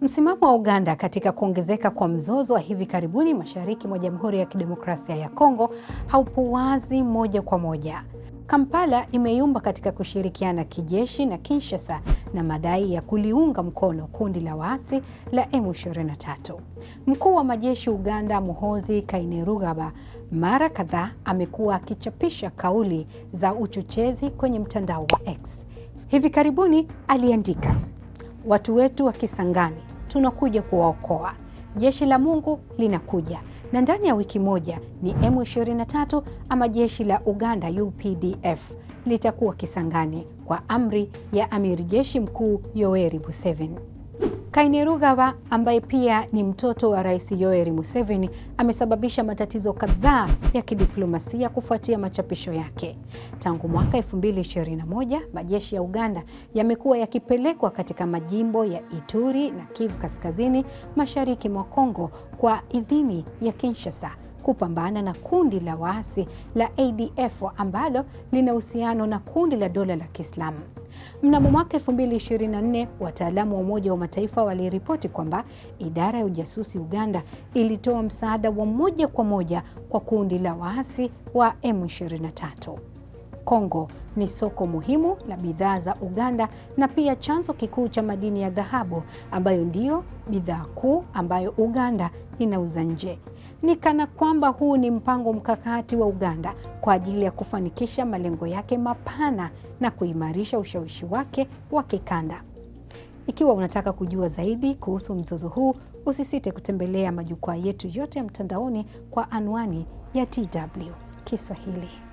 Msimamo wa Uganda katika kuongezeka kwa mzozo wa hivi karibuni mashariki mwa Jamhuri ya Kidemokrasia ya Kongo haupo wazi moja kwa moja. Kampala imeyumba katika kushirikiana kijeshi na Kinshasa na madai ya kuliunga mkono kundi la waasi la M23. Mkuu wa majeshi Uganda Muhoozi Kainerugaba mara kadhaa amekuwa akichapisha kauli za uchochezi kwenye mtandao wa X. Hivi karibuni aliandika watu wetu wa Kisangani tunakuja kuwaokoa. Jeshi la Mungu linakuja na ndani ya wiki moja ni M23 ama jeshi la Uganda UPDF litakuwa Kisangani kwa amri ya amiri jeshi mkuu Yoweri Museveni. Kainerugaba ambaye pia ni mtoto wa Rais Yoweri Museveni amesababisha matatizo kadhaa ya kidiplomasia kufuatia machapisho yake. Tangu mwaka 2021, majeshi ya Uganda yamekuwa yakipelekwa katika majimbo ya Ituri na Kivu Kaskazini, mashariki mwa Kongo kwa idhini ya Kinshasa kupambana na kundi la waasi la ADF ambalo lina uhusiano na kundi la dola la Kiislamu. Mnamo mwaka 2024 wataalamu wa Umoja wa Mataifa waliripoti kwamba idara ya ujasusi Uganda ilitoa msaada wa moja kwa moja kwa kundi la waasi wa M23. Kongo ni soko muhimu la bidhaa za Uganda na pia chanzo kikuu cha madini ya dhahabu ambayo ndiyo bidhaa kuu ambayo Uganda inauza nje ni kana kwamba huu ni mpango mkakati wa Uganda kwa ajili ya kufanikisha malengo yake mapana na kuimarisha ushawishi wake wa kikanda. Ikiwa unataka kujua zaidi kuhusu mzozo huu, usisite kutembelea majukwaa yetu yote ya mtandaoni kwa anwani ya tw Kiswahili.